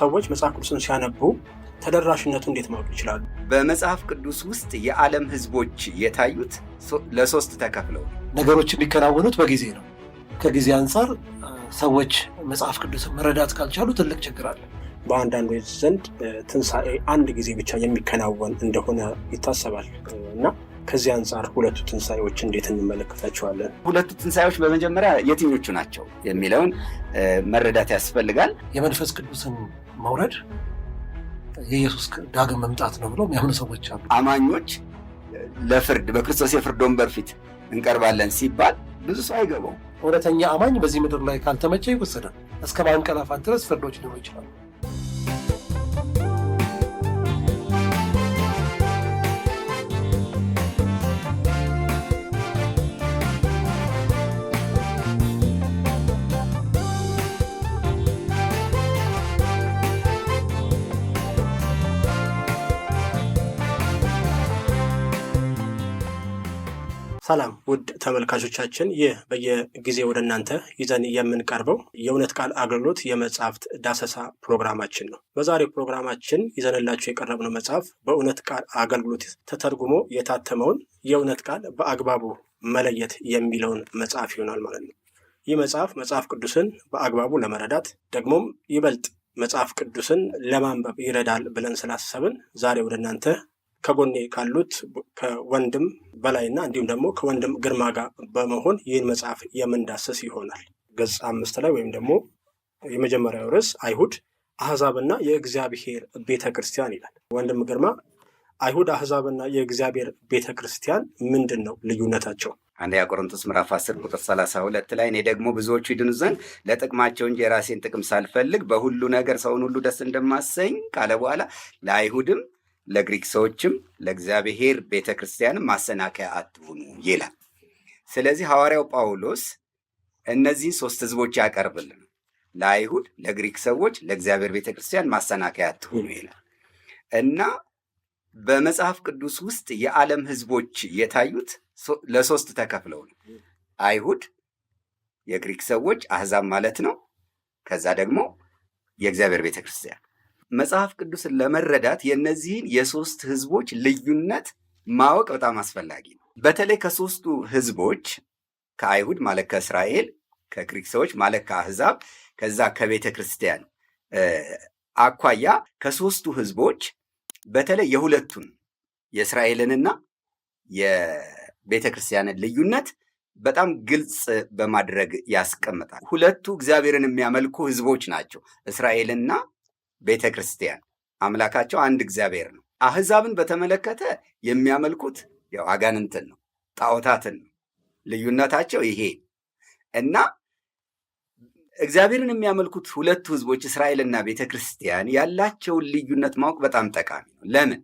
ሰዎች መጽሐፍ ቅዱስን ሲያነቡ ተደራሽነቱ እንዴት ማወቅ ይችላሉ? በመጽሐፍ ቅዱስ ውስጥ የዓለም ህዝቦች የታዩት ለሶስት ተከፍለው ነገሮች የሚከናወኑት በጊዜ ነው። ከጊዜ አንጻር ሰዎች መጽሐፍ ቅዱስን መረዳት ካልቻሉ ትልቅ ችግር አለ። በአንዳንዶች ዘንድ ትንሣኤ አንድ ጊዜ ብቻ የሚከናወን እንደሆነ ይታሰባል እና ከዚህ አንጻር ሁለቱ ትንሣኤዎች እንዴት እንመለከታቸዋለን? ሁለቱ ትንሣኤዎች በመጀመሪያ የትኞቹ ናቸው የሚለውን መረዳት ያስፈልጋል። የመንፈስ ቅዱስን መውረድ የኢየሱስ ዳግም መምጣት ነው ብሎ የሚያምኑ ሰዎች አሉ። አማኞች ለፍርድ በክርስቶስ የፍርድ ወንበር ፊት እንቀርባለን ሲባል ብዙ ሰው አይገባው። እውነተኛ አማኝ በዚህ ምድር ላይ ካልተመቸ ይወሰዳል። እስከ ማንቀላፋት ድረስ ፍርዶች ሊኖሩ ይችላሉ። ሰላም ውድ ተመልካቾቻችን፣ ይህ በየጊዜ ወደ እናንተ ይዘን የምንቀርበው የእውነት ቃል አገልግሎት የመጽሐፍት ዳሰሳ ፕሮግራማችን ነው። በዛሬው ፕሮግራማችን ይዘንላቸው የቀረብነው መጽሐፍ በእውነት ቃል አገልግሎት ተተርጉሞ የታተመውን የእውነት ቃል በአግባቡ መለየት የሚለውን መጽሐፍ ይሆናል ማለት ነው። ይህ መጽሐፍ መጽሐፍ ቅዱስን በአግባቡ ለመረዳት ደግሞም ይበልጥ መጽሐፍ ቅዱስን ለማንበብ ይረዳል ብለን ስላሰብን ዛሬ ወደ እናንተ ከጎኔ ካሉት ከወንድም በላይና እንዲሁም ደግሞ ከወንድም ግርማ ጋር በመሆን ይህን መጽሐፍ የምንዳስስ ይሆናል። ገጽ አምስት ላይ ወይም ደግሞ የመጀመሪያው ርዕስ አይሁድ አህዛብና የእግዚአብሔር ቤተ ክርስቲያን ይላል። ወንድም ግርማ አይሁድ አህዛብና የእግዚአብሔር ቤተ ክርስቲያን ምንድን ነው ልዩነታቸው? አንደኛ ቆሮንቶስ ምዕራፍ 10 ቁጥር 32 ላይ እኔ ደግሞ ብዙዎቹ ይድኑ ዘንድ ለጥቅማቸው እንጂ የራሴን ጥቅም ሳልፈልግ በሁሉ ነገር ሰውን ሁሉ ደስ እንደማሰኝ ካለ በኋላ ለአይሁድም ለግሪክ ሰዎችም ለእግዚአብሔር ቤተ ክርስቲያን ማሰናከያ አትሁኑ ይላል። ስለዚህ ሐዋርያው ጳውሎስ እነዚህን ሶስት ህዝቦች ያቀርብልን፣ ለአይሁድ፣ ለግሪክ ሰዎች፣ ለእግዚአብሔር ቤተ ክርስቲያን ማሰናከያ አትሁኑ ይላል እና በመጽሐፍ ቅዱስ ውስጥ የዓለም ህዝቦች የታዩት ለሶስት ተከፍለው ነው። አይሁድ፣ የግሪክ ሰዎች አህዛብ ማለት ነው። ከዛ ደግሞ የእግዚአብሔር ቤተ ክርስቲያን መጽሐፍ ቅዱስን ለመረዳት የእነዚህን የሶስት ህዝቦች ልዩነት ማወቅ በጣም አስፈላጊ ነው። በተለይ ከሶስቱ ህዝቦች ከአይሁድ ማለት ከእስራኤል፣ ከግሪክ ሰዎች ማለት ከአህዛብ፣ ከዛ ከቤተ ክርስቲያን አኳያ ከሶስቱ ህዝቦች በተለይ የሁለቱን የእስራኤልንና የቤተ ክርስቲያንን ልዩነት በጣም ግልጽ በማድረግ ያስቀምጣል። ሁለቱ እግዚአብሔርን የሚያመልኩ ህዝቦች ናቸው፣ እስራኤልና ቤተ ክርስቲያን አምላካቸው አንድ እግዚአብሔር ነው። አህዛብን በተመለከተ የሚያመልኩት ያው አጋንንትን ነው፣ ጣዖታትን ነው። ልዩነታቸው ይሄ እና እግዚአብሔርን የሚያመልኩት ሁለቱ ህዝቦች እስራኤልና ቤተ ክርስቲያን ያላቸውን ልዩነት ማወቅ በጣም ጠቃሚ ነው። ለምን?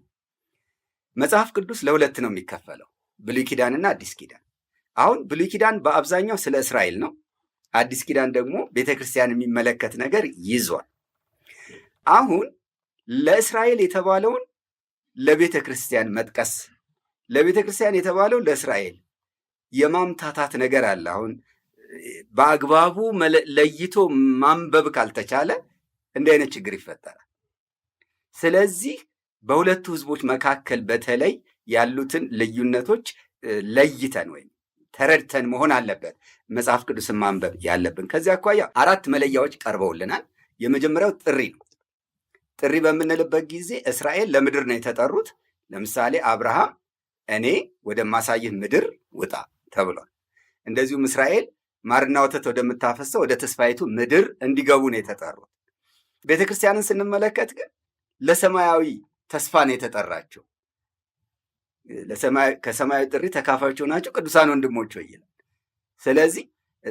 መጽሐፍ ቅዱስ ለሁለት ነው የሚከፈለው፣ ብሉይ ኪዳንና አዲስ ኪዳን። አሁን ብሉይ ኪዳን በአብዛኛው ስለ እስራኤል ነው። አዲስ ኪዳን ደግሞ ቤተ ክርስቲያን የሚመለከት ነገር ይዟል። አሁን ለእስራኤል የተባለውን ለቤተ ክርስቲያን መጥቀስ ለቤተ ክርስቲያን የተባለው ለእስራኤል የማምታታት ነገር አለ። አሁን በአግባቡ ለይቶ ማንበብ ካልተቻለ እንዲህ አይነት ችግር ይፈጠራል። ስለዚህ በሁለቱ ህዝቦች መካከል በተለይ ያሉትን ልዩነቶች ለይተን ወይም ተረድተን መሆን አለበት መጽሐፍ ቅዱስን ማንበብ ያለብን። ከዚህ አኳያ አራት መለያዎች ቀርበውልናል። የመጀመሪያው ጥሪ ነው። ጥሪ በምንልበት ጊዜ እስራኤል ለምድር ነው የተጠሩት። ለምሳሌ አብርሃም እኔ ወደማሳይህ ምድር ውጣ ተብሏል። እንደዚሁም እስራኤል ማርና ወተት ወደምታፈሰው ወደ ተስፋይቱ ምድር እንዲገቡ ነው የተጠሩት። ቤተ ክርስቲያንን ስንመለከት ግን ለሰማያዊ ተስፋ ነው የተጠራቸው። ከሰማያዊ ጥሪ ተካፋዮች ናቸው ቅዱሳን ወንድሞች ይላል። ስለዚህ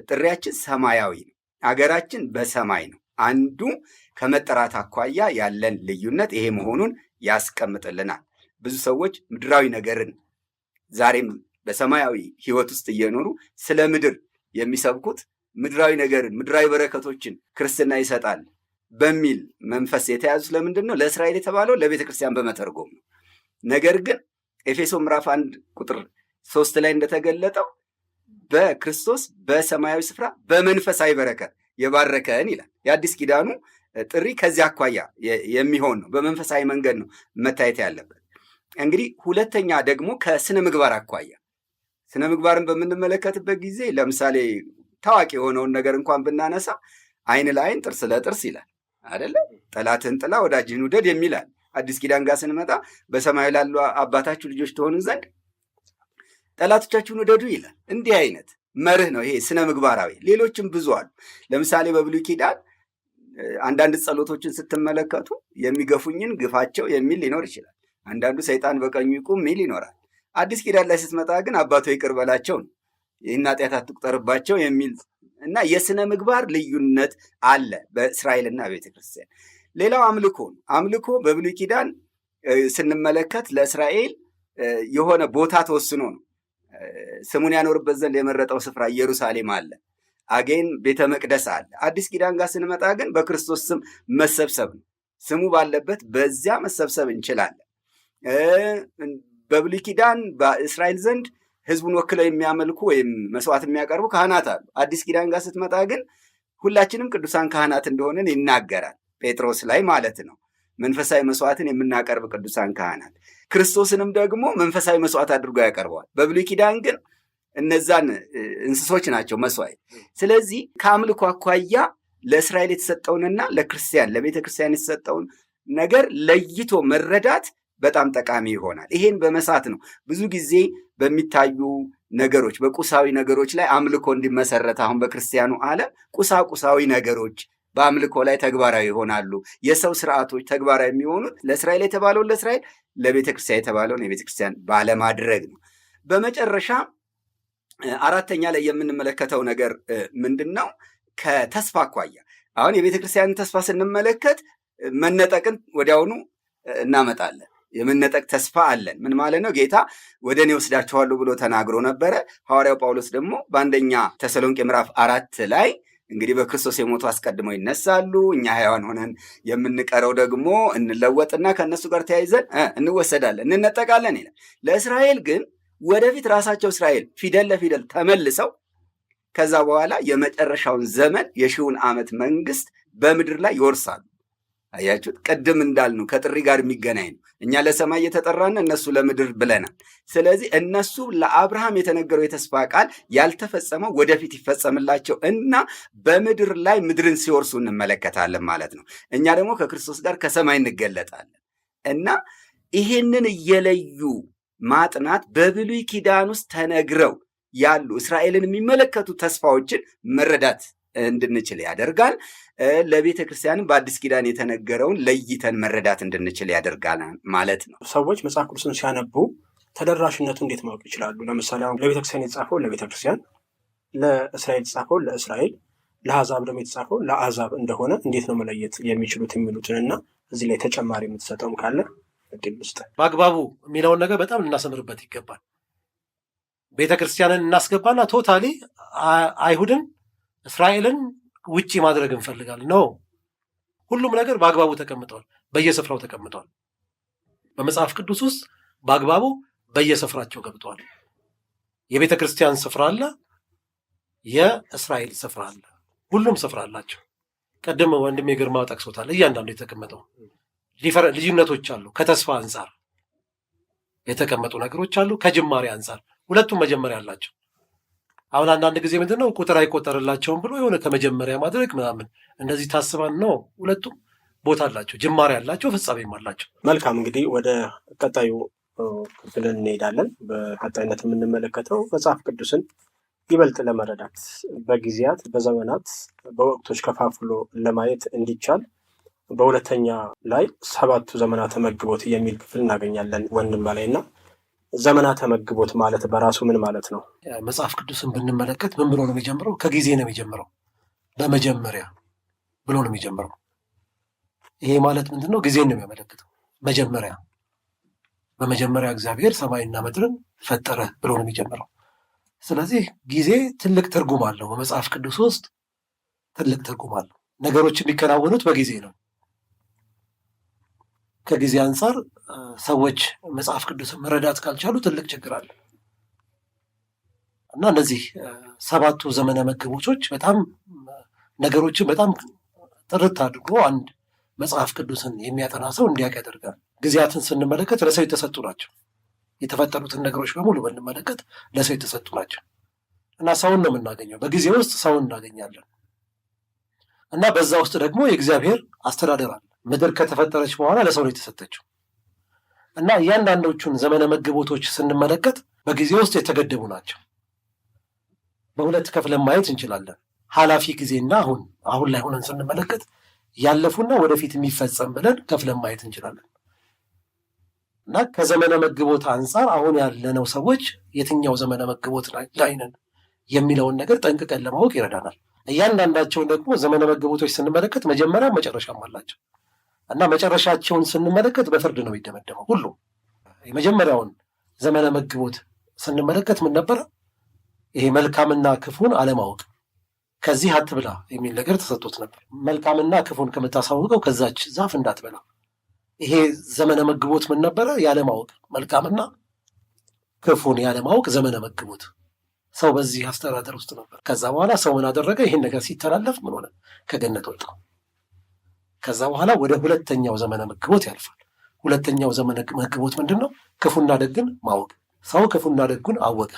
ጥሪያችን ሰማያዊ ነው። አገራችን በሰማይ ነው። አንዱ ከመጠራት አኳያ ያለን ልዩነት ይሄ መሆኑን ያስቀምጥልናል። ብዙ ሰዎች ምድራዊ ነገርን ዛሬም በሰማያዊ ሕይወት ውስጥ እየኖሩ ስለ ምድር የሚሰብኩት ምድራዊ ነገርን፣ ምድራዊ በረከቶችን ክርስትና ይሰጣል በሚል መንፈስ የተያዙ ስለምንድን ነው? ለእስራኤል የተባለው ለቤተ ክርስቲያን በመተርጎም ነው። ነገር ግን ኤፌሶ ምዕራፍ አንድ ቁጥር ሶስት ላይ እንደተገለጠው በክርስቶስ በሰማያዊ ስፍራ በመንፈሳዊ በረከት የባረከን ይላል። የአዲስ ኪዳኑ ጥሪ ከዚህ አኳያ የሚሆን ነው። በመንፈሳዊ መንገድ ነው መታየት ያለበት። እንግዲህ ሁለተኛ ደግሞ ከስነ ምግባር አኳያ ስነ ምግባርን በምንመለከትበት ጊዜ ለምሳሌ ታዋቂ የሆነውን ነገር እንኳን ብናነሳ አይን ለአይን ጥርስ ለጥርስ ይላል አደለ? ጠላትህን ጥላ ወዳጅህን ውደድ የሚላል። አዲስ ኪዳን ጋር ስንመጣ በሰማዩ ላሉ አባታችሁ ልጆች ትሆኑ ዘንድ ጠላቶቻችሁን ውደዱ ይላል። እንዲህ አይነት መርህ ነው ይሄ ስነ ምግባራዊ። ሌሎችም ብዙ አሉ። ለምሳሌ በብሉይ ኪዳን አንዳንድ ጸሎቶችን ስትመለከቱ የሚገፉኝን ግፋቸው የሚል ሊኖር ይችላል። አንዳንዱ ሰይጣን በቀኙ ይቁም ሚል ይኖራል። አዲስ ኪዳን ላይ ስትመጣ ግን አባቶ ይቅር በላቸው ነው። ይህን ኃጢአት አትቁጠርባቸው የሚል እና የስነ ምግባር ልዩነት አለ በእስራኤልና ቤተክርስቲያን። ሌላው አምልኮ ነው። አምልኮ በብሉይ ኪዳን ስንመለከት ለእስራኤል የሆነ ቦታ ተወስኖ ነው ስሙን ያኖርበት ዘንድ የመረጠው ስፍራ ኢየሩሳሌም አለ። አጌን ቤተ መቅደስ አለ። አዲስ ኪዳን ጋር ስንመጣ ግን በክርስቶስ ስም መሰብሰብ ነው። ስሙ ባለበት በዚያ መሰብሰብ እንችላለን። በብሉይ ኪዳን በእስራኤል ዘንድ ህዝቡን ወክለው የሚያመልኩ ወይም መስዋዕት የሚያቀርቡ ካህናት አሉ። አዲስ ኪዳን ጋር ስትመጣ ግን ሁላችንም ቅዱሳን ካህናት እንደሆንን ይናገራል፣ ጴጥሮስ ላይ ማለት ነው። መንፈሳዊ መስዋዕትን የምናቀርብ ቅዱሳን ካህናት፣ ክርስቶስንም ደግሞ መንፈሳዊ መስዋዕት አድርጎ ያቀርበዋል። በብሉይ ኪዳን ግን እነዛን እንስሶች ናቸው መስዋዕት። ስለዚህ ከአምልኮ አኳያ ለእስራኤል የተሰጠውንና ለክርስቲያን ለቤተ ክርስቲያን የተሰጠውን ነገር ለይቶ መረዳት በጣም ጠቃሚ ይሆናል። ይሄን በመሳት ነው ብዙ ጊዜ በሚታዩ ነገሮች በቁሳዊ ነገሮች ላይ አምልኮ እንዲመሰረት አሁን በክርስቲያኑ ዓለም ቁሳቁሳዊ ነገሮች በአምልኮ ላይ ተግባራዊ ይሆናሉ። የሰው ስርዓቶች ተግባራዊ የሚሆኑት ለእስራኤል የተባለውን ለእስራኤል፣ ለቤተክርስቲያን የተባለውን የቤተክርስቲያን ባለማድረግ ነው። በመጨረሻ አራተኛ ላይ የምንመለከተው ነገር ምንድን ነው? ከተስፋ አኳያ አሁን የቤተ ክርስቲያንን ተስፋ ስንመለከት መነጠቅን ወዲያውኑ እናመጣለን። የመነጠቅ ተስፋ አለን። ምን ማለት ነው? ጌታ ወደ እኔ ወስዳችኋለሁ ብሎ ተናግሮ ነበረ። ሐዋርያው ጳውሎስ ደግሞ በአንደኛ ተሰሎንቄ ምዕራፍ አራት ላይ እንግዲህ በክርስቶስ የሞቱ አስቀድመው ይነሳሉ፣ እኛ ሕያዋን ሆነን የምንቀረው ደግሞ እንለወጥና ከእነሱ ጋር ተያይዘን እንወሰዳለን፣ እንነጠቃለን ይላል። ለእስራኤል ግን ወደፊት ራሳቸው እስራኤል ፊደል ለፊደል ተመልሰው ከዛ በኋላ የመጨረሻውን ዘመን የሺውን ዓመት መንግስት በምድር ላይ ይወርሳሉ። አያችሁት? ቅድም እንዳልነው ከጥሪ ጋር የሚገናኝ ነው። እኛ ለሰማይ የተጠራን እነሱ ለምድር ብለናል። ስለዚህ እነሱ ለአብርሃም የተነገረው የተስፋ ቃል ያልተፈጸመው ወደፊት ይፈጸምላቸው እና በምድር ላይ ምድርን ሲወርሱ እንመለከታለን ማለት ነው። እኛ ደግሞ ከክርስቶስ ጋር ከሰማይ እንገለጣለን እና ይሄንን እየለዩ ማጥናት በብሉይ ኪዳን ውስጥ ተነግረው ያሉ እስራኤልን የሚመለከቱ ተስፋዎችን መረዳት እንድንችል ያደርጋል። ለቤተ ክርስቲያንም በአዲስ ኪዳን የተነገረውን ለይተን መረዳት እንድንችል ያደርጋል ማለት ነው። ሰዎች መጽሐፍ ቅዱስን ሲያነቡ ተደራሽነቱ እንዴት ማወቅ ይችላሉ? ለምሳሌ አሁን ለቤተ ክርስቲያን የተጻፈው ለቤተ ክርስቲያን፣ ለእስራኤል የተጻፈው ለእስራኤል፣ ለአሕዛብ ደግሞ የተጻፈው ለአሕዛብ እንደሆነ እንዴት ነው መለየት የሚችሉት የሚሉትን እና እዚህ ላይ ተጨማሪ የምትሰጠውም ካለ ውስጥ በአግባቡ የሚለውን ነገር በጣም ልናሰምርበት ይገባል። ቤተ ክርስቲያንን እናስገባና ቶታሊ አይሁድን እስራኤልን ውጪ ማድረግ እንፈልጋለን ነው። ሁሉም ነገር በአግባቡ ተቀምጠዋል፣ በየስፍራው ተቀምጠዋል። በመጽሐፍ ቅዱስ ውስጥ በአግባቡ በየስፍራቸው ገብተዋል። የቤተ ክርስቲያን ስፍራ አለ፣ የእስራኤል ስፍራ አለ። ሁሉም ስፍራ አላቸው። ቀደም ወንድሜ ግርማ ጠቅሶታል። እያንዳንዱ የተቀመጠው ልዩነቶች አሉ። ከተስፋ አንጻር የተቀመጡ ነገሮች አሉ፣ ከጅማሬ አንጻር ሁለቱም መጀመሪያ አላቸው። አሁን አንዳንድ ጊዜ ምንድን ነው ቁጥር አይቆጠርላቸውም ብሎ የሆነ ከመጀመሪያ ማድረግ ምናምን እንደዚህ ታስባን ነው። ሁለቱም ቦታ አላቸው፣ ጅማሬ አላቸው፣ ፍጻሜም አላቸው። መልካም እንግዲህ ወደ ቀጣዩ ክፍል እንሄዳለን። በቀጣይነት የምንመለከተው መጽሐፍ ቅዱስን ይበልጥ ለመረዳት በጊዜያት፣ በዘመናት፣ በወቅቶች ከፋፍሎ ለማየት እንዲቻል በሁለተኛ ላይ ሰባቱ ዘመናተ መግቦት የሚል ክፍል እናገኛለን። ወንድም በላይ እና ዘመናተ መግቦት ማለት በራሱ ምን ማለት ነው? መጽሐፍ ቅዱስን ብንመለከት ምን ብሎ ነው የሚጀምረው? ከጊዜ ነው የሚጀምረው። በመጀመሪያ ብሎ ነው የሚጀምረው። ይሄ ማለት ምንድን ነው? ጊዜን ነው የሚያመለክተው። መጀመሪያ በመጀመሪያ እግዚአብሔር ሰማይና ምድርን ፈጠረ ብሎ ነው የሚጀምረው። ስለዚህ ጊዜ ትልቅ ትርጉም አለው። በመጽሐፍ ቅዱስ ውስጥ ትልቅ ትርጉም አለው። ነገሮች የሚከናወኑት በጊዜ ነው። ከጊዜ አንጻር ሰዎች መጽሐፍ ቅዱስን መረዳት ካልቻሉ ትልቅ ችግር አለ እና እነዚህ ሰባቱ ዘመነ መክቦቾች በጣም ነገሮችን በጣም ጥርት አድርጎ አንድ መጽሐፍ ቅዱስን የሚያጠና ሰው እንዲያውቅ ያደርጋል። ጊዜያትን ስንመለከት ለሰው የተሰጡ ናቸው። የተፈጠሩትን ነገሮች በሙሉ ብንመለከት ለሰው የተሰጡ ናቸው እና ሰውን ነው የምናገኘው። በጊዜ ውስጥ ሰውን እናገኛለን እና በዛ ውስጥ ደግሞ የእግዚአብሔር አስተዳደር አለ። ምድር ከተፈጠረች በኋላ ለሰው ነው የተሰጠችው እና እያንዳንዶቹን ዘመነ መግቦቶች ስንመለከት በጊዜ ውስጥ የተገደቡ ናቸው። በሁለት ከፍለን ማየት እንችላለን። ኃላፊ ጊዜና አሁን አሁን ላይ ሆነን ስንመለከት ያለፉና ወደፊት የሚፈጸም ብለን ከፍለን ማየት እንችላለን እና ከዘመነ መግቦት አንጻር አሁን ያለነው ሰዎች የትኛው ዘመነ መግቦት ላይ ነን የሚለውን ነገር ጠንቅቀን ለማወቅ ይረዳናል። እያንዳንዳቸውን ደግሞ ዘመነ መግቦቶች ስንመለከት መጀመሪያ መጨረሻም አላቸው። እና መጨረሻቸውን ስንመለከት በፍርድ ነው ይደመደመው። ሁሉ የመጀመሪያውን ዘመነ መግቦት ስንመለከት ምን ነበረ? ይሄ መልካምና ክፉን አለማወቅ ከዚህ አትብላ የሚል ነገር ተሰጥቶት ነበር። መልካምና ክፉን ከምታሳውቀው ከዛች ዛፍ እንዳትበላ። ይሄ ዘመነ መግቦት ምን ነበረ? ያለማወቅ መልካምና ክፉን ያለማወቅ ዘመነ መግቦት። ሰው በዚህ አስተዳደር ውስጥ ነበር። ከዛ በኋላ ሰው ምን አደረገ? ይህን ነገር ሲተላለፍ ምን ሆነ? ከገነት ወጣ። ከዛ በኋላ ወደ ሁለተኛው ዘመነ መግቦት ያልፋል። ሁለተኛው ዘመነ መግቦት ምንድን ነው? ክፉና ደግን ማወቅ። ሰው ክፉና ደጉን አወቀ።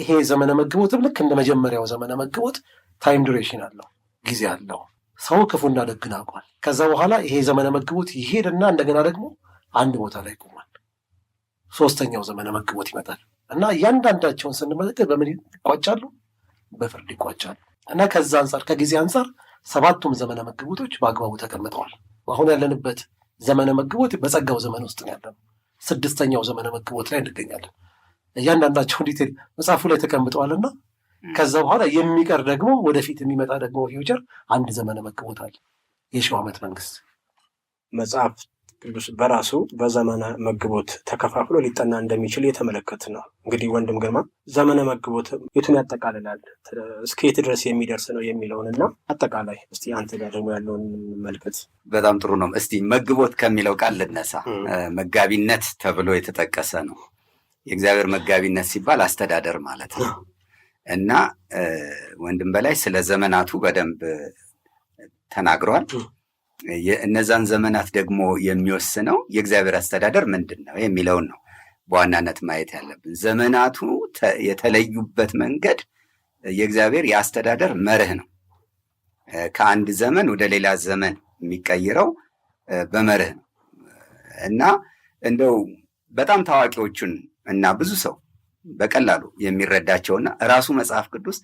ይሄ ዘመነ መግቦትም ልክ እንደ መጀመሪያው ዘመነ መግቦት ታይም ዱሬሽን አለው፣ ጊዜ አለው። ሰው ክፉና ደግን አውቋል። ከዛ በኋላ ይሄ ዘመነ መግቦት ይሄድና እንደገና ደግሞ አንድ ቦታ ላይ ይቆማል። ሶስተኛው ዘመነ መግቦት ይመጣል እና እያንዳንዳቸውን ስንመለከት በምን ይቋጫሉ? በፍርድ ይቋጫሉ። እና ከዛ አንጻር ከጊዜ አንጻር ሰባቱም ዘመነ መግቦቶች በአግባቡ ተቀምጠዋል። አሁን ያለንበት ዘመነ መግቦት በጸጋው ዘመን ውስጥ ነው ያለነው። ስድስተኛው ዘመነ መግቦት ላይ እንገኛለን። እያንዳንዳቸው ዲቴል መጽሐፉ ላይ ተቀምጠዋልና ከዛ በኋላ የሚቀር ደግሞ ወደፊት የሚመጣ ደግሞ ፊውቸር አንድ ዘመነ መግቦት አለ። የሺው ዓመት መንግስት መጽሐፍ ቅዱስ በራሱ በዘመነ መግቦት ተከፋፍሎ ሊጠና እንደሚችል የተመለከት ነው። እንግዲህ ወንድም ግርማ ዘመነ መግቦት የቱን ያጠቃልላል፣ እስከ የት ድረስ የሚደርስ ነው የሚለውን እና አጠቃላይ እስቲ አንተ ጋር ደግሞ ያለውን መልከት። በጣም ጥሩ ነው። እስቲ መግቦት ከሚለው ቃል ልነሳ። መጋቢነት ተብሎ የተጠቀሰ ነው። የእግዚአብሔር መጋቢነት ሲባል አስተዳደር ማለት ነው እና ወንድም በላይ ስለ ዘመናቱ በደንብ ተናግሯል። እነዛን ዘመናት ደግሞ የሚወስነው የእግዚአብሔር አስተዳደር ምንድን ነው የሚለውን ነው በዋናነት ማየት ያለብን። ዘመናቱ የተለዩበት መንገድ የእግዚአብሔር የአስተዳደር መርህ ነው። ከአንድ ዘመን ወደ ሌላ ዘመን የሚቀይረው በመርህ ነው እና እንደው በጣም ታዋቂዎቹን እና ብዙ ሰው በቀላሉ የሚረዳቸውና ራሱ መጽሐፍ ቅዱስ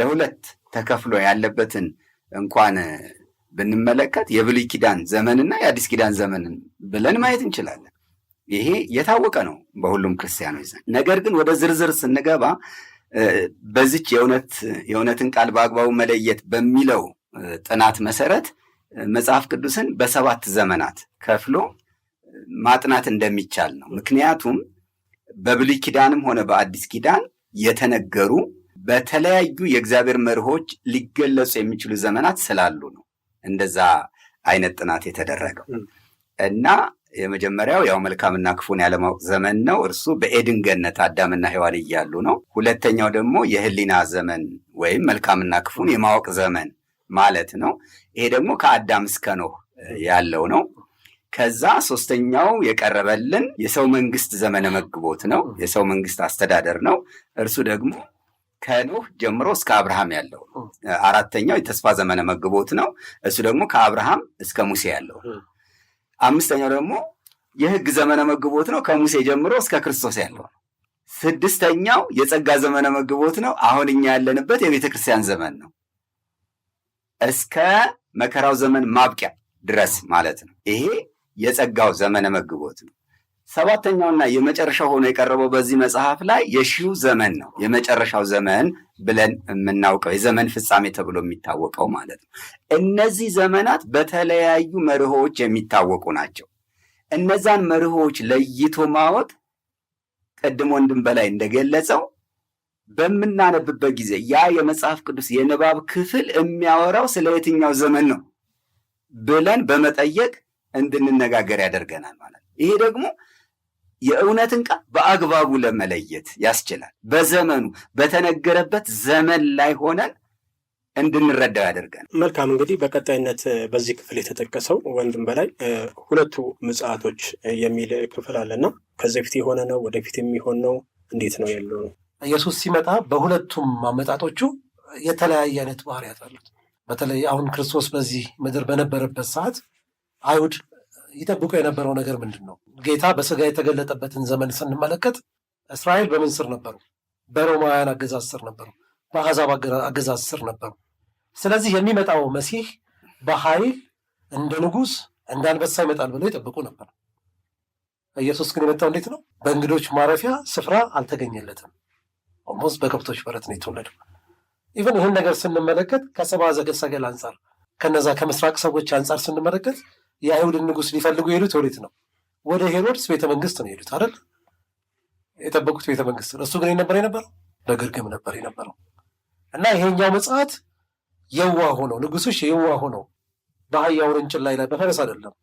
ለሁለት ተከፍሎ ያለበትን እንኳን ብንመለከት የብሉይ ኪዳን ዘመንና የአዲስ ኪዳን ዘመንን ብለን ማየት እንችላለን። ይሄ የታወቀ ነው በሁሉም ክርስቲያኖች ዘንድ። ነገር ግን ወደ ዝርዝር ስንገባ በዚች የእውነትን ቃል በአግባቡ መለየት በሚለው ጥናት መሰረት መጽሐፍ ቅዱስን በሰባት ዘመናት ከፍሎ ማጥናት እንደሚቻል ነው። ምክንያቱም በብሉይ ኪዳንም ሆነ በአዲስ ኪዳን የተነገሩ በተለያዩ የእግዚአብሔር መርሆች ሊገለጹ የሚችሉ ዘመናት ስላሉ ነው። እንደዛ አይነት ጥናት የተደረገው እና የመጀመሪያው ያው መልካምና ክፉን ያለማወቅ ዘመን ነው። እርሱ በኤድን ገነት አዳምና ሔዋን እያሉ ነው። ሁለተኛው ደግሞ የህሊና ዘመን ወይም መልካምና ክፉን የማወቅ ዘመን ማለት ነው። ይሄ ደግሞ ከአዳም እስከ ኖህ ያለው ነው። ከዛ ሶስተኛው የቀረበልን የሰው መንግስት ዘመነ መግቦት ነው። የሰው መንግስት አስተዳደር ነው። እርሱ ደግሞ ከኖህ ጀምሮ እስከ አብርሃም ያለው አራተኛው የተስፋ ዘመነ መግቦት ነው። እሱ ደግሞ ከአብርሃም እስከ ሙሴ ያለው። አምስተኛው ደግሞ የህግ ዘመነ መግቦት ነው። ከሙሴ ጀምሮ እስከ ክርስቶስ ያለው ነው። ስድስተኛው የጸጋ ዘመነ መግቦት ነው። አሁን እኛ ያለንበት የቤተ ክርስቲያን ዘመን ነው። እስከ መከራው ዘመን ማብቂያ ድረስ ማለት ነው። ይሄ የጸጋው ዘመነ መግቦት ነው። ሰባተኛውና የመጨረሻው ሆኖ የቀረበው በዚህ መጽሐፍ ላይ የሺው ዘመን ነው። የመጨረሻው ዘመን ብለን የምናውቀው የዘመን ፍጻሜ ተብሎ የሚታወቀው ማለት ነው። እነዚህ ዘመናት በተለያዩ መርሆዎች የሚታወቁ ናቸው። እነዛን መርሆዎች ለይቶ ማወቅ ቅድም ወንድም በላይ እንደገለጸው በምናነብበት ጊዜ ያ የመጽሐፍ ቅዱስ የንባብ ክፍል የሚያወራው ስለ የትኛው ዘመን ነው ብለን በመጠየቅ እንድንነጋገር ያደርገናል ማለት ነው። ይሄ ደግሞ የእውነትን ቃል በአግባቡ ለመለየት ያስችላል። በዘመኑ በተነገረበት ዘመን ላይ ሆነን እንድንረዳው ያደርገን። መልካም እንግዲህ በቀጣይነት በዚህ ክፍል የተጠቀሰው ወንድም በላይ ሁለቱ ምጽአቶች የሚል ክፍል አለና ከዚህ በፊት የሆነ ነው፣ ወደፊት የሚሆን ነው፣ እንዴት ነው ያለው። ኢየሱስ ሲመጣ በሁለቱም አመጣጦቹ የተለያየ አይነት ባህሪያት አሉት። በተለይ አሁን ክርስቶስ በዚህ ምድር በነበረበት ሰዓት አይሁድ ይጠብቁ የነበረው ነገር ምንድን ነው? ጌታ በስጋ የተገለጠበትን ዘመን ስንመለከት እስራኤል በምን ስር ነበሩ? በሮማውያን አገዛዝ ስር ነበሩ። በአሕዛብ አገዛዝ ስር ነበሩ። ስለዚህ የሚመጣው መሲህ በኃይል እንደ ንጉስ እንደ አንበሳ ይመጣል ብለው ይጠብቁ ነበር። ኢየሱስ ግን የመጣው እንዴት ነው? በእንግዶች ማረፊያ ስፍራ አልተገኘለትም። ኦልሞስት በከብቶች በረት ነው የተወለደው። ኢቨን ይህን ነገር ስንመለከት ከሰብአ ዘገሰገል አንጻር ከነዛ ከምስራቅ ሰዎች አንጻር ስንመለከት የአይሁድን ንጉስ ሊፈልጉ የሄዱት ወዴት ነው? ወደ ሄሮድስ ቤተ መንግስት ነው የሄዱት አይደል? የጠበቁት ቤተ መንግስት እሱ ግን ነበር የነበረው በግርግም ነበር የነበረው እና ይሄኛው መጽሐት የዋ ሆነው ንጉሶች የዋ ሆነው በአህያ ውርንጭላ ላይ በፈረስ አይደለም።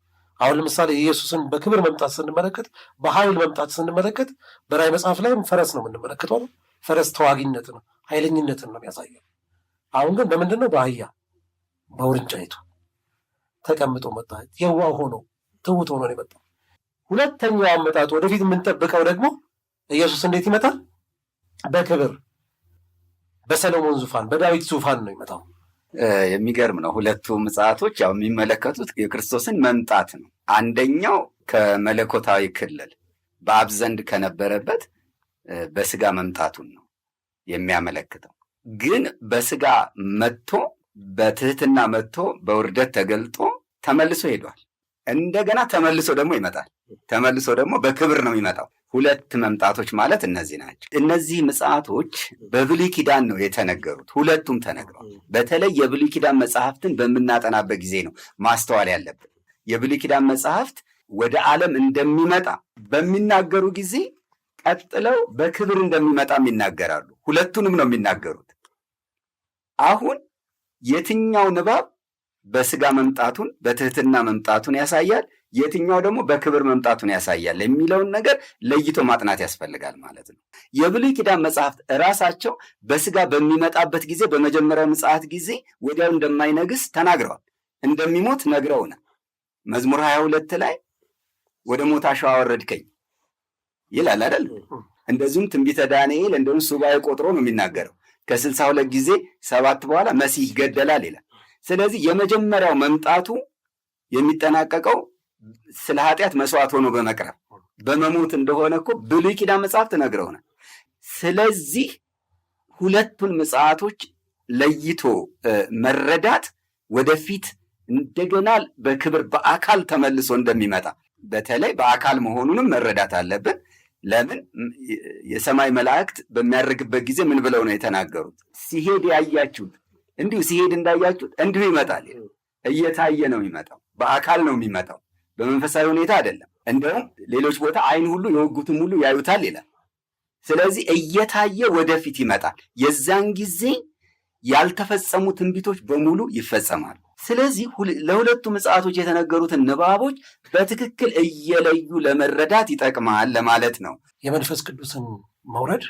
አሁን ለምሳሌ ኢየሱስን በክብር መምጣት ስንመለከት፣ በኃይል መምጣት ስንመለከት በራይ መጽሐፍ ላይም ፈረስ ነው የምንመለከተው። ፈረስ ተዋጊነትን ኃይለኝነትን ነው የሚያሳየው። አሁን ግን በምንድን ነው? በአህያ በውርንጫይቱ ተቀምጦ መጣ። የዋህ ሆኖ ትሁት ሆኖ ነው የመጣው። ሁለተኛው አመጣጡ ወደፊት የምንጠብቀው ደግሞ ኢየሱስ እንዴት ይመጣል? በክብር በሰለሞን ዙፋን በዳዊት ዙፋን ነው ይመጣው። የሚገርም ነው። ሁለቱ ምጽአቶች ያው የሚመለከቱት የክርስቶስን መምጣት ነው። አንደኛው ከመለኮታዊ ክልል በአብ ዘንድ ከነበረበት በስጋ መምጣቱን ነው የሚያመለክተው። ግን በስጋ መጥቶ በትህትና መጥቶ በውርደት ተገልጦ ተመልሶ ሄዷል። እንደገና ተመልሶ ደግሞ ይመጣል። ተመልሶ ደግሞ በክብር ነው የሚመጣው። ሁለት መምጣቶች ማለት እነዚህ ናቸው። እነዚህ ምጽአቶች በብሉይ ኪዳን ነው የተነገሩት። ሁለቱም ተነግረዋል። በተለይ የብሉይ ኪዳን መጽሐፍትን በምናጠናበት ጊዜ ነው ማስተዋል ያለብን። የብሉይ ኪዳን መጽሐፍት ወደ ዓለም እንደሚመጣ በሚናገሩ ጊዜ ቀጥለው በክብር እንደሚመጣም ይናገራሉ። ሁለቱንም ነው የሚናገሩት አሁን የትኛው ንባብ በስጋ መምጣቱን በትህትና መምጣቱን ያሳያል፣ የትኛው ደግሞ በክብር መምጣቱን ያሳያል የሚለውን ነገር ለይቶ ማጥናት ያስፈልጋል ማለት ነው። የብሉይ ኪዳን መጽሐፍት እራሳቸው በስጋ በሚመጣበት ጊዜ በመጀመሪያው ምጽአት ጊዜ ወዲያው እንደማይነግስ ተናግረዋል፣ እንደሚሞት ነግረውናል። መዝሙር ሁለት ላይ ወደ ሞት አሸዋ አወረድከኝ ይላል አይደል? እንደዚሁም ትንቢተ ዳንኤል እንደውም ሱባኤ ቆጥሮ ነው የሚናገረው ከስልሳ ሁለት ጊዜ ሰባት በኋላ መሲህ ይገደላል ይላል። ስለዚህ የመጀመሪያው መምጣቱ የሚጠናቀቀው ስለ ኃጢአት መስዋዕት ሆኖ በመቅረብ በመሞት እንደሆነ እኮ ብሉይ ኪዳን መጽሐፍ ትነግረውናል። ስለዚህ ሁለቱን ምጽአቶች ለይቶ መረዳት ወደፊት እንደገና በክብር በአካል ተመልሶ እንደሚመጣ በተለይ በአካል መሆኑንም መረዳት አለብን። ለምን የሰማይ መላእክት በሚያደርግበት ጊዜ ምን ብለው ነው የተናገሩት? ሲሄድ ያያችሁት እንዲሁ ሲሄድ እንዳያችሁት እንዲሁ ይመጣል። እየታየ ነው የሚመጣው፣ በአካል ነው የሚመጣው፣ በመንፈሳዊ ሁኔታ አይደለም። እንደውም ሌሎች ቦታ አይን ሁሉ የወጉትም ሁሉ ያዩታል ይላል። ስለዚህ እየታየ ወደፊት ይመጣል። የዛን ጊዜ ያልተፈጸሙ ትንቢቶች በሙሉ ይፈጸማሉ። ስለዚህ ለሁለቱ ምጽአቶች የተነገሩትን ንባቦች በትክክል እየለዩ ለመረዳት ይጠቅማል ለማለት ነው። የመንፈስ ቅዱስን መውረድ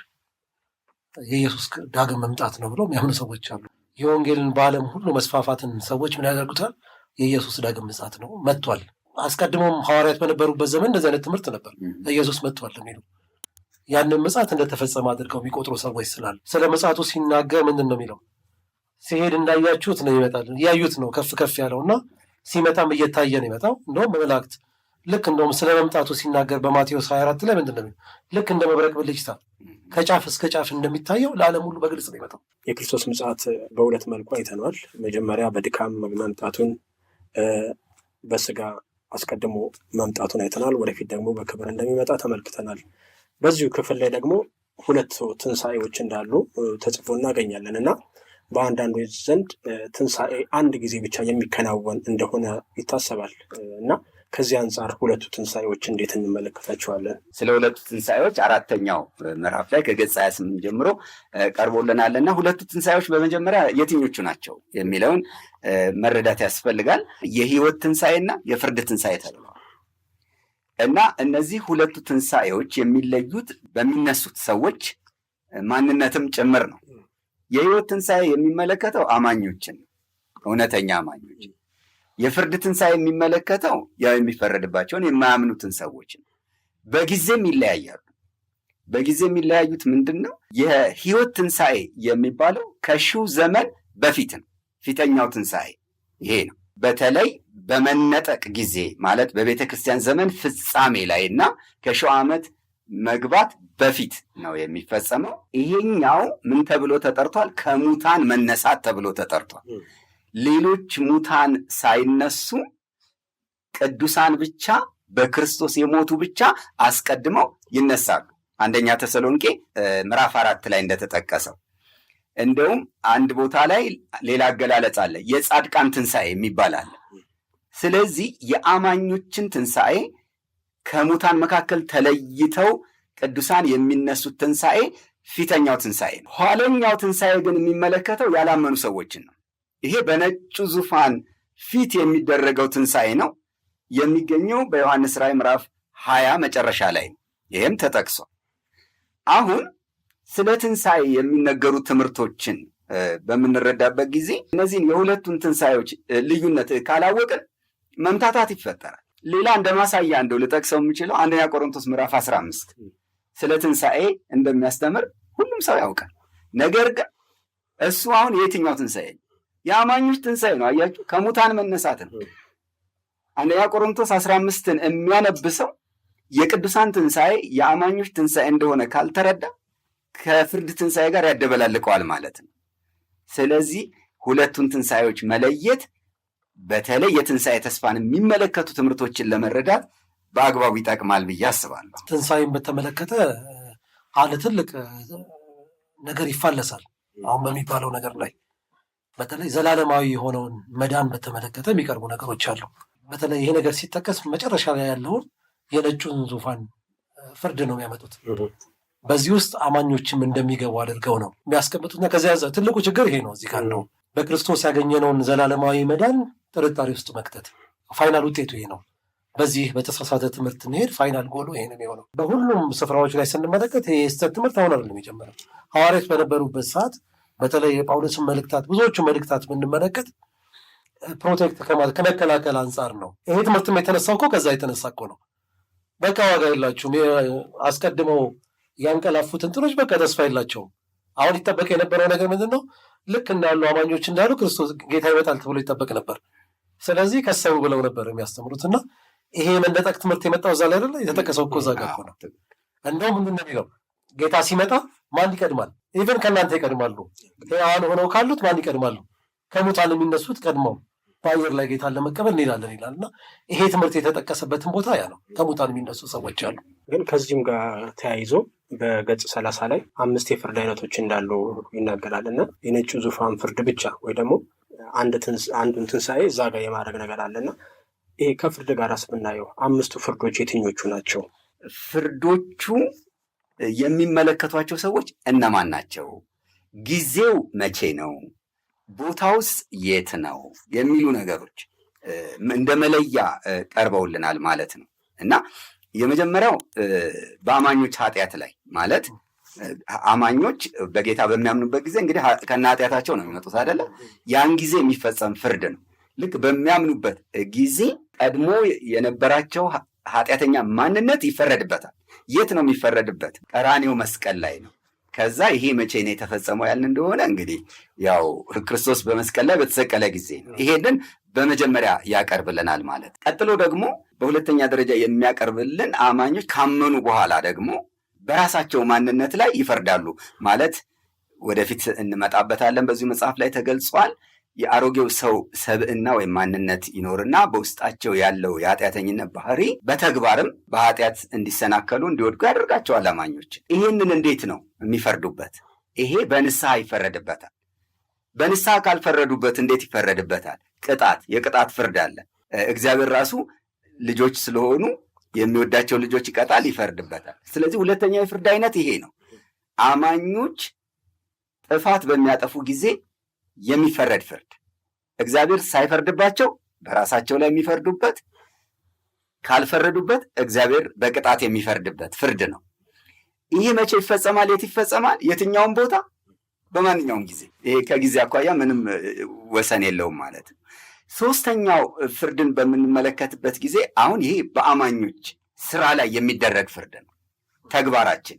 የኢየሱስ ዳግም መምጣት ነው ብለው የሚያምኑ ሰዎች አሉ። የወንጌልን በዓለም ሁሉ መስፋፋትን ሰዎች ምን ያደርጉታል? የኢየሱስ ዳግም ምጽአት ነው መጥቷል። አስቀድሞም ሐዋርያት በነበሩበት ዘመን እንደዚህ አይነት ትምህርት ነበር፣ ኢየሱስ መጥቷል የሚሉ ያንን ምጽአት እንደተፈጸመ አድርገው የሚቆጥሩ ሰዎች ስላሉ ስለ ምጽአቱ ሲናገር ምንድን ነው የሚለው ሲሄድ እንዳያችሁት ነው ይመጣል። እያዩት ነው ከፍ ከፍ ያለው እና ሲመጣም እየታየ ነው ይመጣው። እንደውም መላእክት ልክ እንደውም ስለ መምጣቱ ሲናገር በማቴዎስ 24 ላይ ምንድን ነው ልክ እንደ መብረቅ ብልጭታ ከጫፍ እስከ ጫፍ እንደሚታየው ለዓለም ሁሉ በግልጽ ነው ይመጣው። የክርስቶስ ምጽአት በሁለት መልኩ አይተነዋል። መጀመሪያ በድካም መምጣቱን በስጋ አስቀድሞ መምጣቱን አይተናል። ወደፊት ደግሞ በክብር እንደሚመጣ ተመልክተናል። በዚሁ ክፍል ላይ ደግሞ ሁለት ትንሣኤዎች እንዳሉ ተጽፎ እናገኛለን እና በአንዳንዶች ዘንድ ትንሣኤ አንድ ጊዜ ብቻ የሚከናወን እንደሆነ ይታሰባል እና ከዚህ አንጻር ሁለቱ ትንሣኤዎች እንዴት እንመለከታቸዋለን? ስለ ሁለቱ ትንሣኤዎች አራተኛው ምዕራፍ ላይ ከገጽ ስምንት ጀምሮ ቀርቦልናል እና ሁለቱ ትንሣኤዎች በመጀመሪያ የትኞቹ ናቸው የሚለውን መረዳት ያስፈልጋል። የህይወት ትንሣኤና የፍርድ ትንሣኤ ተብለዋል እና እነዚህ ሁለቱ ትንሣኤዎች የሚለዩት በሚነሱት ሰዎች ማንነትም ጭምር ነው። የህይወት ትንሣኤ የሚመለከተው አማኞችን እውነተኛ አማኞች። የፍርድ ትንሣኤ የሚመለከተው ያው የሚፈረድባቸውን የማያምኑትን ሰዎች ነው። በጊዜም ይለያያሉ። በጊዜ የሚለያዩት ምንድን ነው? የህይወት ትንሣኤ የሚባለው ከሺው ዘመን በፊት ነው። ፊተኛው ትንሣኤ ይሄ ነው። በተለይ በመነጠቅ ጊዜ ማለት በቤተ ክርስቲያን ዘመን ፍጻሜ ላይ እና ከሺው ዓመት መግባት በፊት ነው የሚፈጸመው። ይሄኛው ምን ተብሎ ተጠርቷል? ከሙታን መነሳት ተብሎ ተጠርቷል። ሌሎች ሙታን ሳይነሱ ቅዱሳን ብቻ በክርስቶስ የሞቱ ብቻ አስቀድመው ይነሳሉ። አንደኛ ተሰሎንቄ ምዕራፍ አራት ላይ እንደተጠቀሰው እንደውም አንድ ቦታ ላይ ሌላ አገላለጽ አለ፣ የጻድቃን ትንሣኤ የሚባል አለ። ስለዚህ የአማኞችን ትንሣኤ ከሙታን መካከል ተለይተው ቅዱሳን የሚነሱት ትንሣኤ ፊተኛው ትንሣኤ ነው። ኋለኛው ትንሣኤ ግን የሚመለከተው ያላመኑ ሰዎችን ነው። ይሄ በነጩ ዙፋን ፊት የሚደረገው ትንሣኤ ነው የሚገኘው በዮሐንስ ራእይ ምዕራፍ ሀያ መጨረሻ ላይ ይህም ተጠቅሷል። አሁን ስለ ትንሣኤ የሚነገሩ ትምህርቶችን በምንረዳበት ጊዜ እነዚህን የሁለቱን ትንሣኤዎች ልዩነት ካላወቅን መምታታት ይፈጠራል። ሌላ እንደ ማሳያ እንደው ልጠቅሰው የምችለው አንደኛ ቆሮንቶስ ምዕራፍ 15 ስለ ትንሣኤ እንደሚያስተምር ሁሉም ሰው ያውቃል። ነገር ግን እሱ አሁን የትኛው ትንሣኤ ነው? የአማኞች ትንሣኤ ነው። አያችሁ፣ ከሙታን መነሳት ነው። አንደኛ ቆሮንቶስ አስራ አምስትን የሚያነብሰው የቅዱሳን ትንሣኤ የአማኞች ትንሣኤ እንደሆነ ካልተረዳ ከፍርድ ትንሣኤ ጋር ያደበላልቀዋል ማለት ነው። ስለዚህ ሁለቱን ትንሣኤዎች መለየት በተለይ የትንሣኤ ተስፋን የሚመለከቱ ትምህርቶችን ለመረዳት በአግባቡ ይጠቅማል ብዬ አስባለሁ። ትንሣኤን በተመለከተ አንድ ትልቅ ነገር ይፋለሳል አሁን በሚባለው ነገር ላይ በተለይ ዘላለማዊ የሆነውን መዳን በተመለከተ የሚቀርቡ ነገሮች አሉ። በተለይ ይሄ ነገር ሲጠቀስ መጨረሻ ላይ ያለውን የነጩን ዙፋን ፍርድ ነው የሚያመጡት። በዚህ ውስጥ አማኞችም እንደሚገቡ አድርገው ነው የሚያስቀምጡትና ከዚያ ትልቁ ችግር ይሄ ነው። እዚህ ካለው በክርስቶስ ያገኘነውን ዘላለማዊ መዳን ጥርጣሬ ውስጥ መክተት ፋይናል ውጤቱ ይሄ ነው። በዚህ በተሳሳተ ትምህርት ንሄድ ፋይናል ጎሉ ይህን የሆነው። በሁሉም ስፍራዎች ላይ ስንመለከት ይህ የስህተት ትምህርት አሁን አይደለም የጀመረው። ሐዋርያት በነበሩበት ሰዓት በተለይ የጳውሎስን መልእክታት ብዙዎቹ መልእክታት ብንመለከት ፕሮቴክት ከመከላከል አንጻር ነው። ይሄ ትምህርትም የተነሳው እኮ ከዛ የተነሳ እኮ ነው። በቃ ዋጋ የላችሁም አስቀድመው ያንቀላፉት እንትኖች በቃ ተስፋ የላቸውም። አሁን ይጠበቅ የነበረው ነገር ምንድን ነው? ልክ እንዳሉ አማኞች እንዳሉ ክርስቶስ ጌታ ይመጣል ተብሎ ይጠበቅ ነበር። ስለዚህ ከሰሙ ብለው ነበር የሚያስተምሩት እና ይሄ የመንደጠቅ ትምህርት የመጣው እዛ ላይ አይደለ? የተጠቀሰው እኮ እዛ ጋር ነው። እንደውም ምንድን ነው የሚለው ጌታ ሲመጣ ማን ይቀድማል? ኢቨን ከእናንተ ይቀድማሉ። ሕያዋን ሆነው ካሉት ማን ይቀድማሉ? ከሙታን የሚነሱት ቀድመው በአየር ላይ ጌታን ለመቀበል እንሄዳለን ይላል እና ይሄ ትምህርት የተጠቀሰበትን ቦታ ያ ነው። ከሙታን የሚነሱ ሰዎች አሉ። ግን ከዚህም ጋር ተያይዞ በገጽ ሰላሳ ላይ አምስት የፍርድ አይነቶች እንዳሉ ይናገራል እና የነጩ ዙፋን ፍርድ ብቻ ወይ ደግሞ አንዱን ትንሣኤ እዛ ጋር የማድረግ ነገር አለና ይሄ ከፍርድ ጋር ስብናየው አምስቱ ፍርዶች የትኞቹ ናቸው? ፍርዶቹ የሚመለከቷቸው ሰዎች እነማን ናቸው? ጊዜው መቼ ነው? ቦታውስ የት ነው? የሚሉ ነገሮች እንደ መለያ ቀርበውልናል ማለት ነው እና የመጀመሪያው በአማኞች ኃጢአት ላይ ማለት አማኞች በጌታ በሚያምኑበት ጊዜ እንግዲህ ከነ ኃጢአታቸው ነው የሚመጡት አይደለ? ያን ጊዜ የሚፈጸም ፍርድ ነው። ልክ በሚያምኑበት ጊዜ ቀድሞ የነበራቸው ኃጢአተኛ ማንነት ይፈረድበታል። የት ነው የሚፈረድበት? ቀራኔው መስቀል ላይ ነው። ከዛ ይሄ መቼ ነው የተፈጸመው ያልን እንደሆነ እንግዲህ ያው ክርስቶስ በመስቀል ላይ በተሰቀለ ጊዜ ነው። ይሄንን በመጀመሪያ ያቀርብልናል ማለት። ቀጥሎ ደግሞ በሁለተኛ ደረጃ የሚያቀርብልን አማኞች ካመኑ በኋላ ደግሞ በራሳቸው ማንነት ላይ ይፈርዳሉ ማለት ወደፊት እንመጣበታለን። በዚሁ መጽሐፍ ላይ ተገልጿል። የአሮጌው ሰው ሰብዕና ወይም ማንነት ይኖርና በውስጣቸው ያለው የኃጢአተኝነት ባህሪ በተግባርም በኃጢአት እንዲሰናከሉ እንዲወድቁ ያደርጋቸዋል አማኞችን። ይህንን እንዴት ነው የሚፈርዱበት? ይሄ በንስሐ ይፈረድበታል። በንስሐ ካልፈረዱበት እንዴት ይፈረድበታል? ቅጣት፣ የቅጣት ፍርድ አለ። እግዚአብሔር ራሱ ልጆች ስለሆኑ የሚወዳቸው ልጆች ይቀጣል፣ ይፈርድበታል። ስለዚህ ሁለተኛው የፍርድ አይነት ይሄ ነው። አማኞች ጥፋት በሚያጠፉ ጊዜ የሚፈረድ ፍርድ እግዚአብሔር ሳይፈርድባቸው በራሳቸው ላይ የሚፈርዱበት ካልፈረዱበት እግዚአብሔር በቅጣት የሚፈርድበት ፍርድ ነው። ይህ መቼ ይፈጸማል? የት ይፈጸማል? የትኛውም ቦታ በማንኛውም ጊዜ። ይሄ ከጊዜ አኳያ ምንም ወሰን የለውም ማለት ነው። ሶስተኛው ፍርድን በምንመለከትበት ጊዜ አሁን ይሄ በአማኞች ስራ ላይ የሚደረግ ፍርድ ነው። ተግባራችን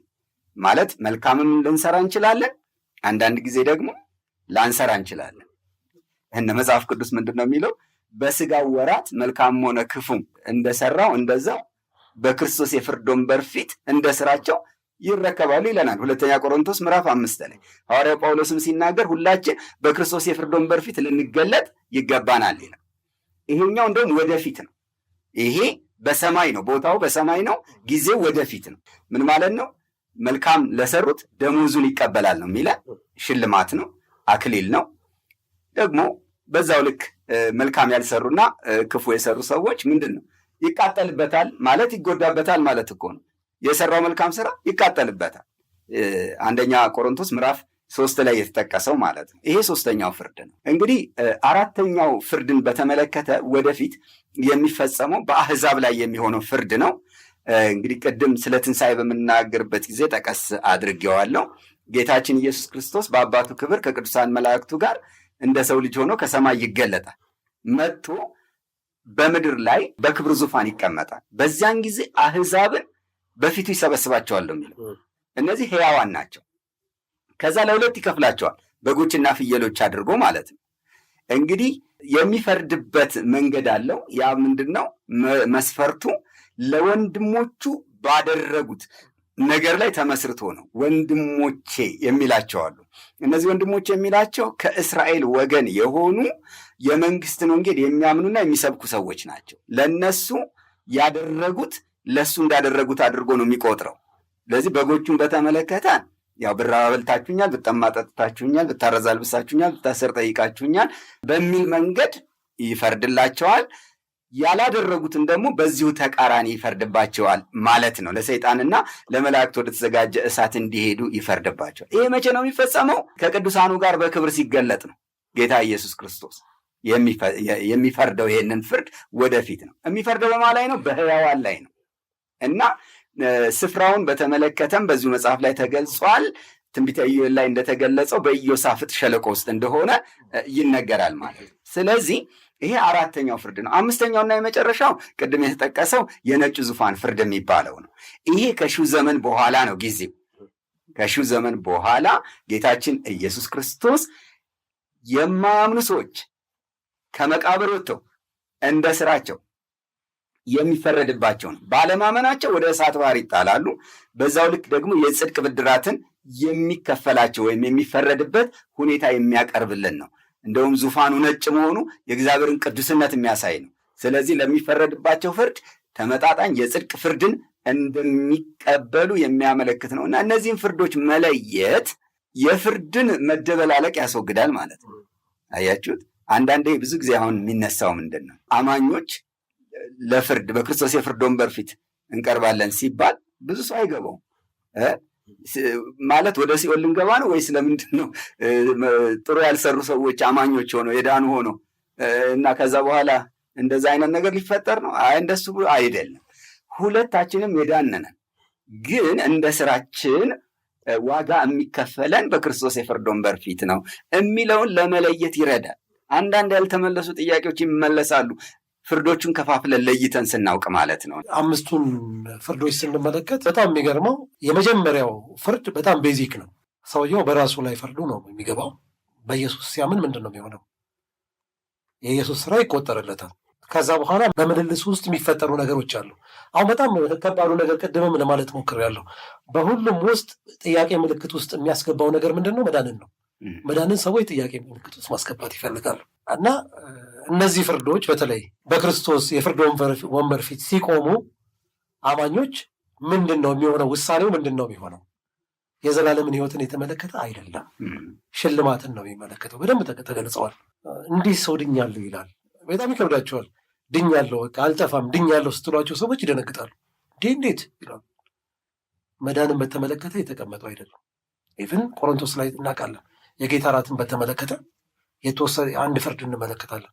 ማለት መልካምም ልንሰራ እንችላለን። አንዳንድ ጊዜ ደግሞ ላንሰራ እንችላለን። እነ መጽሐፍ ቅዱስ ምንድን ነው የሚለው? በስጋው ወራት መልካም ሆነ ክፉም እንደሰራው እንደዛው በክርስቶስ የፍርድ ወንበር ፊት እንደ ስራቸው ይረከባሉ ይለናል። ሁለተኛ ቆሮንቶስ ምዕራፍ አምስት ላይ ሐዋርያው ጳውሎስም ሲናገር ሁላችን በክርስቶስ የፍርድ ወንበር ፊት ልንገለጥ ይገባናል ይላል። ይሄኛው እንደውም ወደፊት ነው። ይሄ በሰማይ ነው፣ ቦታው በሰማይ ነው፣ ጊዜው ወደፊት ነው። ምን ማለት ነው? መልካም ለሰሩት ደሞዙን ይቀበላል ነው የሚለን፣ ሽልማት ነው። አክሊል ነው። ደግሞ በዛው ልክ መልካም ያልሰሩና ክፉ የሰሩ ሰዎች ምንድን ነው ይቃጠልበታል ማለት ይጎዳበታል ማለት እኮ ነው። የሰራው መልካም ስራ ይቃጠልበታል። አንደኛ ቆሮንቶስ ምዕራፍ ሶስት ላይ የተጠቀሰው ማለት ነው። ይሄ ሶስተኛው ፍርድ ነው። እንግዲህ አራተኛው ፍርድን በተመለከተ ወደፊት የሚፈጸመው በአህዛብ ላይ የሚሆነው ፍርድ ነው። እንግዲህ ቅድም ስለ ትንሣኤ በምናገርበት ጊዜ ጠቀስ አድርጌዋለሁ። ጌታችን ኢየሱስ ክርስቶስ በአባቱ ክብር ከቅዱሳን መላእክቱ ጋር እንደ ሰው ልጅ ሆኖ ከሰማይ ይገለጣል። መጥቶ በምድር ላይ በክብር ዙፋን ይቀመጣል። በዚያን ጊዜ አህዛብን በፊቱ ይሰበስባቸዋል የሚለው እነዚህ ሕያዋን ናቸው። ከዛ ለሁለት ይከፍላቸዋል በጎችና ፍየሎች አድርጎ ማለት ነው። እንግዲህ የሚፈርድበት መንገድ አለው። ያ ምንድን ነው መስፈርቱ? ለወንድሞቹ ባደረጉት ነገር ላይ ተመስርቶ ነው። ወንድሞቼ የሚላቸው አሉ። እነዚህ ወንድሞቼ የሚላቸው ከእስራኤል ወገን የሆኑ የመንግስትን ወንጌል የሚያምኑና የሚሰብኩ ሰዎች ናቸው። ለነሱ ያደረጉት ለሱ እንዳደረጉት አድርጎ ነው የሚቆጥረው። ለዚህ በጎቹን በተመለከተ ያው ብራበልታችሁኛል፣ በልታችሁኛል፣ ብጠማ ጠጥታችሁኛል፣ ብታሰር ጠይቃችሁኛል በሚል መንገድ ይፈርድላቸዋል። ያላደረጉትን ደግሞ በዚሁ ተቃራኒ ይፈርድባቸዋል ማለት ነው። ለሰይጣንና ለመላእክት ወደ ተዘጋጀ እሳት እንዲሄዱ ይፈርድባቸዋል። ይሄ መቼ ነው የሚፈጸመው? ከቅዱሳኑ ጋር በክብር ሲገለጥ ነው ጌታ ኢየሱስ ክርስቶስ የሚፈርደው። ይሄንን ፍርድ ወደፊት ነው የሚፈርደው። በማ ላይ ነው? በህያዋን ላይ ነው እና ስፍራውን በተመለከተም በዚሁ መጽሐፍ ላይ ተገልጿል። ትንቢተ ኢዩኤል ላይ እንደተገለጸው በኢዮሳፍጥ ሸለቆ ውስጥ እንደሆነ ይነገራል ማለት ነው። ስለዚህ ይሄ አራተኛው ፍርድ ነው። አምስተኛውና የመጨረሻው ቅድም የተጠቀሰው የነጩ ዙፋን ፍርድ የሚባለው ነው። ይሄ ከሺው ዘመን በኋላ ነው ጊዜው። ከሺው ዘመን በኋላ ጌታችን ኢየሱስ ክርስቶስ የማያምኑ ሰዎች ከመቃብር ወጥተው እንደ ስራቸው የሚፈረድባቸው ነው። ባለማመናቸው ወደ እሳት ባህር ይጣላሉ። በዛው ልክ ደግሞ የጽድቅ ብድራትን የሚከፈላቸው ወይም የሚፈረድበት ሁኔታ የሚያቀርብልን ነው። እንደውም ዙፋኑ ነጭ መሆኑ የእግዚአብሔርን ቅዱስነት የሚያሳይ ነው። ስለዚህ ለሚፈረድባቸው ፍርድ ተመጣጣኝ የጽድቅ ፍርድን እንደሚቀበሉ የሚያመለክት ነው እና እነዚህን ፍርዶች መለየት የፍርድን መደበላለቅ ያስወግዳል ማለት ነው። አያችሁት? አንዳንዴ ብዙ ጊዜ አሁን የሚነሳው ምንድን ነው? አማኞች ለፍርድ በክርስቶስ የፍርድ ወንበር ፊት እንቀርባለን ሲባል ብዙ ሰው አይገባውም። ማለት ወደ ሲኦል ልንገባ ነው ወይስ ለምንድን ነው ጥሩ ያልሰሩ ሰዎች አማኞች ሆነው የዳኑ ሆነው እና ከዛ በኋላ እንደዛ አይነት ነገር ሊፈጠር ነው? አይ እንደሱ አይደለም። ሁለታችንም የዳነነን ግን እንደ ስራችን ዋጋ የሚከፈለን በክርስቶስ የፍርድ ወንበር ፊት ነው የሚለውን ለመለየት ይረዳል። አንዳንድ ያልተመለሱ ጥያቄዎች ይመለሳሉ። ፍርዶቹን ከፋፍለን ለይተን ስናውቅ ማለት ነው። አምስቱን ፍርዶች ስንመለከት በጣም የሚገርመው የመጀመሪያው ፍርድ በጣም ቤዚክ ነው። ሰውየው በራሱ ላይ ፍርዱ ነው የሚገባው። በኢየሱስ ሲያምን ምንድን ነው የሚሆነው? የኢየሱስ ስራ ይቆጠርለታል። ከዛ በኋላ በምልልስ ውስጥ የሚፈጠሩ ነገሮች አሉ። አሁን በጣም ከባዱ ነገር ቅድምም ለማለት ሞክሬያለሁ። በሁሉም ውስጥ ጥያቄ ምልክት ውስጥ የሚያስገባው ነገር ምንድን ነው? መዳንን ነው። መዳንን ሰዎች ጥያቄ ምልክት ውስጥ ማስገባት ይፈልጋሉ እና እነዚህ ፍርዶች በተለይ በክርስቶስ የፍርድ ወንበር ፊት ሲቆሙ አማኞች ምንድን ነው የሚሆነው? ውሳኔው ምንድን ነው የሚሆነው? የዘላለምን ህይወትን የተመለከተ አይደለም፣ ሽልማትን ነው የሚመለከተው። በደንብ ተገልጸዋል። እንዲህ ሰው ድኛለሁ ይላል። በጣም ይከብዳቸዋል። ድኛለሁ፣ በቃ አልጠፋም፣ ድኛለሁ ስትሏቸው ሰዎች ይደነግጣሉ። እንዲህ እንዴት ይላሉ። መዳንን በተመለከተ የተቀመጠው አይደለም። ኢቭን ቆሮንቶስ ላይ እናውቃለን። የጌታ እራትን በተመለከተ የተወሰነ አንድ ፍርድ እንመለከታለን።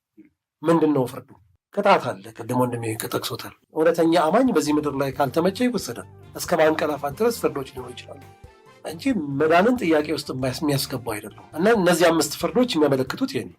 ምንድን ነው ፍርዱ? ቅጣት አለ። ቅድም ወንድሜ ጠቅሶታል። እውነተኛ አማኝ በዚህ ምድር ላይ ካልተመቸ ይወሰዳል። እስከ ማንቀላፋት ድረስ ፍርዶች ሊሆን ይችላሉ እንጂ መዳንን ጥያቄ ውስጥ የሚያስገባው አይደለም። እና እነዚህ አምስት ፍርዶች የሚያመለክቱት ይህ ነው።